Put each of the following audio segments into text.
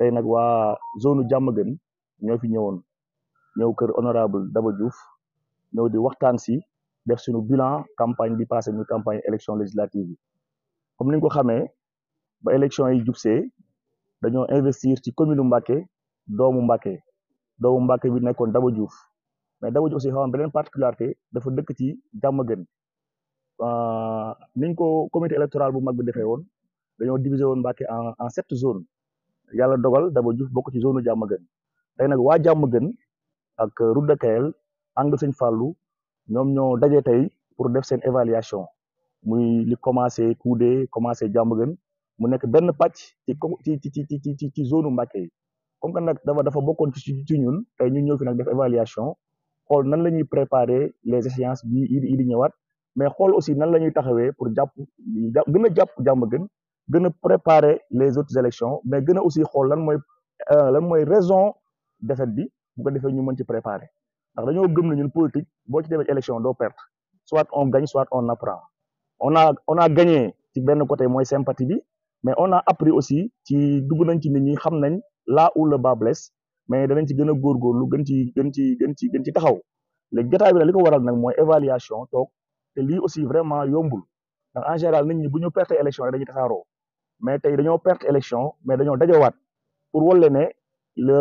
tey nag waa zone Diamaguène ñoo fi ñëwoon ñëw kër honorable Daba Diouf ñëw di waxtaan si def suñu bilan campagne bi passé muy campagne élection législative yi comme ni nga ko xamee ba élection yi jubsee dañoo investir ci commune Mbacké doomu Mbacké doomu Mbacké bi nekkoon Daba Diouf mais Daba Diouf aussi xaw ma beneen particularité dafa dëkk ci Diamaguène euh, niñ ko comité électoral bu mag bi defee woon dañoo diviser woon Mbacké en en sept zones yàlla dogal Daba Diouf bokk ci zone Diamaguène tey nag waa Diamaguène ak route de Kayel ànd sëñ Fallou ñoom ñoo daje tey pour def seen évaluation muy li commencé Koudé commencé Diamaguène mu nekk benn pàcc ci ci ci ci ci ci zone Mbacké yi comme que nag dafa dafa bokkoon ci ci ñun tey ñu ñëw nag def évaluation xool nan la ñuy préparer les échéances bi yi di ñëwaat mais xool aussi nan la ñuy taxawee pour jàpp gën a jàpp Diamaguène gën a préparer les autres élections mais gën a aussi xool lan mooy euh, lan mooy raison défaite bi bu defee ñu mën ci préparer ndax dañoo gëm na ñun politique boo ci demee élection doo perte soit on gagne soit on apprend on a on a gagné ci benn côté mooy sympathie bi mais on a appris aussi ci dugg nañ ci nit ñi xam nañ la où le bas blesse mais danañ ci gën a góorgóorlu gën ci gën ci gën ci gën ci taxaw léegi jotaay bi nag li ko waral nag mooy évaluation toog te aussi vraiment yombul ndax en général nit ñi bu ñu perte élection rek dañuy tasaaroo mais tey dañoo perte élection mais dañoo dajawaat pour walla ne le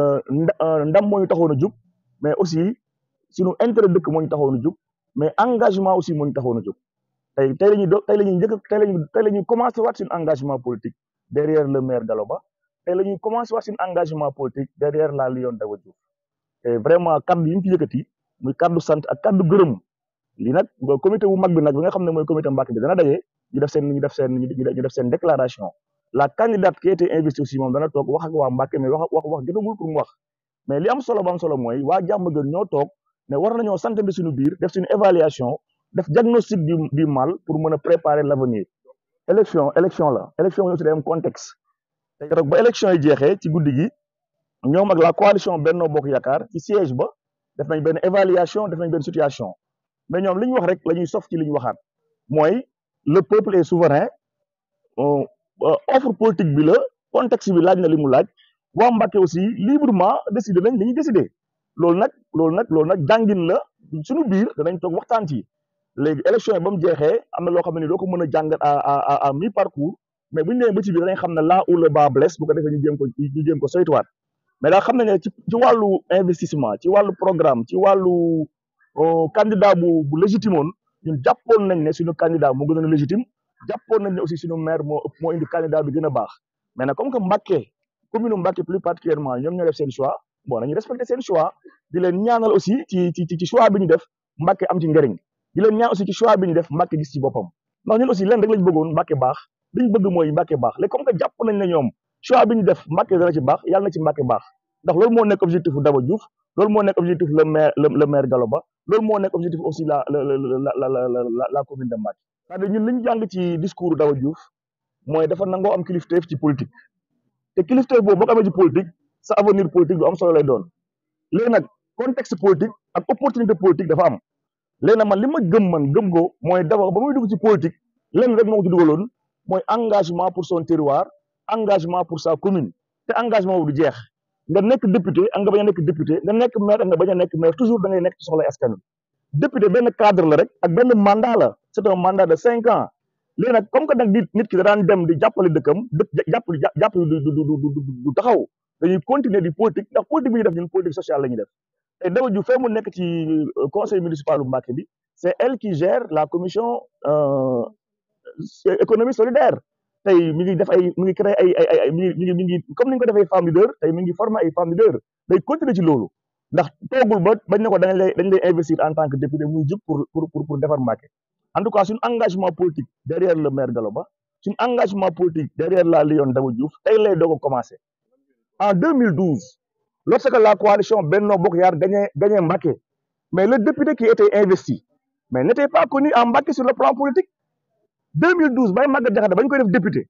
euh, ndam moo ñu taxoon a jug mais aussi suñu intérêt dëkk moo ñu taxoon a jug mais engagement aussi moo ñu taxoon a jug tey tey la ñuy do tey la ñuy njëkk tey la ñuy la ñuy commencé waat suñu engagement politique derrière le maire Gallo tey la ñuy commencé waat suñu engagement politique derrière la Lyon Dawa Diouf te vraiment kaddu yi mu fi yëkkati muy sant ak kaddu gërëm li nag comité bu mag bi nag bi nga xam ne mooy comité Mbacké bi dana daje ñu seen ñu def seen ñu la candidate qui a été moom dana toog wax ak waa Mbàkke mais wax wax wax wax mais li am solo ba am solo mooy waa jàmm gën ñoo toog ne war nañoo santante suñu biir def suñu évaluation def diagnostic du du mal pour mën a préparer l' avenir élection la élection aussi day am contexte te ba élection yi jeexee ci guddi gi ñoom ak la coalition Benno Bokk Yaakaar ci siège ba def nañ benn évaluation def nañ benn situation mais ñoom li ñu wax rek la ñuy sof ci li ñu waxaat mooy le peuple est souverain Euh, offre politique bi la contexte bi laaj na li mu laaj wa Mbacké aussi librement décider nañ li ñu décider loolu nag loolu nag loolu nag jàngin la suñu biir danañ toog waxtaan ci léegi élection ba mu jeexee am na loo xam ne doo ko mën a jàngat à à mi parcours mais bu ñu demee bi ci xam ne la où le bas blesse bu ko defee ñu jéem ko ñu jéem ko soytuwaat mais daal xam nañ ne ci ci wàllu investissement ci wàllu programme ci wàllu euh, candidat bu bu légitime woon ñun jàppoon nañ ne suñu candidat mu gën a légitime jàppoon nañ ne aussi suñu maire moo ëpp moo indi candidat bi gën a baax mais nag comme ñoom ñoo def di leen ñaanal aussi ci ci ci choix bi ñu def Mbacké am ci njëriñ di leen ñaan aussi gis ci boppam ndax leen rek lañ bëggoon Mbacké baax li ñu bëgg mooy Mbacké baax léegi comme que jàpp nañ ne ñoom choix bi ñu def Mbacké na ci Mbacké baax c'est-à-dire li ñu jàng ci discours Daba Diouf mooy dafa nangoo am kilifteef ci politique te kilifteef boobu boo ko amee ci politique sa avenir politique lu am solo lay doon léegi nag contexte politique ak opportunité politique dafa am léegi nag man li ma gëm man gëm ko mooy dawa ba muy dugg ci politique lenn rek moo ko ci dugaloon mooy engagement pour son terroir engagement pour sa commune te engagement bu du jeex nga nekk député ak nga bañ a nekk député nga nekk maire ak nga bañ nekk maire toujours da ngay nekk ci soxla askan wi député benn cadre rek ak benn mandat la. c'est un mandat de cinq ans léegi nag comme que nag nit nit ki da daan dem di jàppale dëkkam dëkk jàppale jàppale du du du du taxaw dañuy continuer di politique ndax politique bi ñu def ñun politique sociale la ñuy def te Daba Diouf fee nekk ci euh, conseil municipal bu Mbacké bi c'est elle qui gère la commission euh, économie solidaire tey mi ngi def ay mi ngi créé ay mi ngi mi ni ñu ko defee femme leader tey mi ngi former ay femme leader day continuer ci loolu ndax toogul ba bañ ne ko dañ lay investir en tant que député muy pour defar Mbacké en tout cas suñu engagement politique derrière le maire Gallo Ba suñu engagement politique derrière la Lyon Daba Diouf tey lay doog a en 2012 lorsque la coalition Benno Bokk Yaar gagnait gagnait mais le député qui était investi mais n'était pas connu en Mbacké sur le plan politique 2012 Baye Maguette Diakhaté koy def député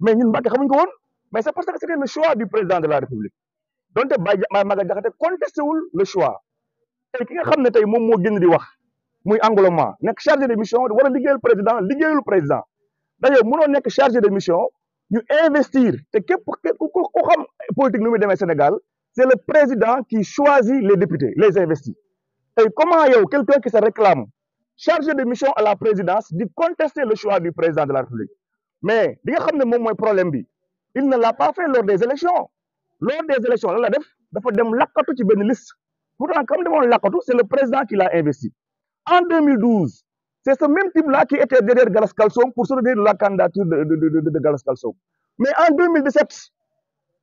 mais ñun Mbacké xamuñ ko woon mais c'est parce que c'était le choix du président de la République donte Baye Maguette Diakhaté contesté wul le ki nga xam ne tey moom moo génn di wax. muy Angloma nekk chargé de mission war a liggéeyal président liggéeyalu président d'ailleurs mënoo nekk chargé de mission ñu investir te képp ku ku xam politique nu muy Sénégal c'est le président ki choisit les députés les investit tey comment yow quelqu'un qui se réclame chargé de mission à la présidence di contester le choix du président de la République mais li nga xam ne moom mooy problème bi il ne l'a pas fait lors des élections lors des élections lan la def dafa dem lakkatu ci benn liste pourtant comme demoon président qui l'a investi en 2012. C'est ce même type-là qui était derrière Galas Kalsom pour soutenir la candidature de, de, de, de, de Galas Kalsom. Mais en 2017,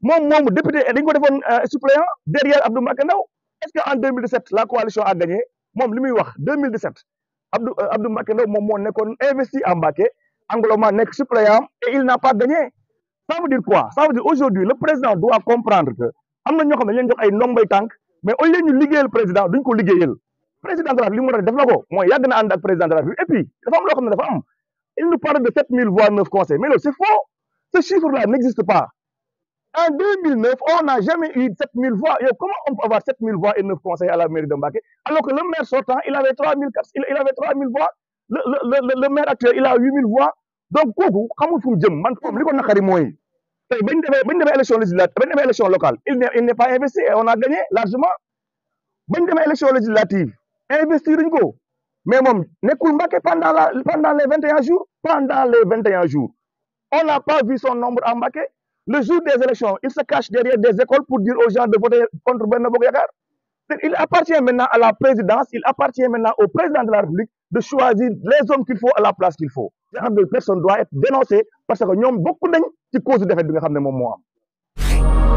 mon, mon député Edingo Devon euh, suppléant derrière Abdou Makendaou, est-ce qu'en 2017, la coalition a gagné Mon, lui, 2017, Abdou, euh, Abdou Makendaou, mon, mon, investi en Baké, Angloma n'est suppléant et il n'a pas gagné. Ça veut dire quoi Ça veut dire aujourd'hui, le président de la République li mu war a def na ko mooy yàgg na ànd ak président de la République et puis dafa am loo xam ne dafa am il nous parle de sept mille voire neuf conseils mais loolu c'est faux ce chiffre là n'existe pas en 2009 on n'a jamais eu sept mille voix yow comment on peut avoir sept mille voix et neuf conseils à la mairie de Mbacké alors que le maire sortant il avait trois mille quatre il avait trois mille voix le le le le maire actuel il a huit mille voix donc kooku xamul fu mu jëm man foofu li ko naqari mooy tey bañ demee bañ demee élection législative bañ demee élection locale il n'est il n'est pas investi et on a gagné largement bañ demee élection législative investir ñu ko mais moom nekkul Mbacké pendant la pendant les vingt et un jours pendant les vingt et jours on n'a pas vu son nombre à Mbacké le jour des élections il se cache derrière des écoles pour dire aux gens de voter contre Benno Bokk Yakaar il appartient maintenant à la présidence il appartient maintenant au président de la République de choisir les hommes qu'il faut à la place qu'il faut ce de personne doit être dénoncée parce que ñoom bokk nañ ci cause défaite bi moom moo am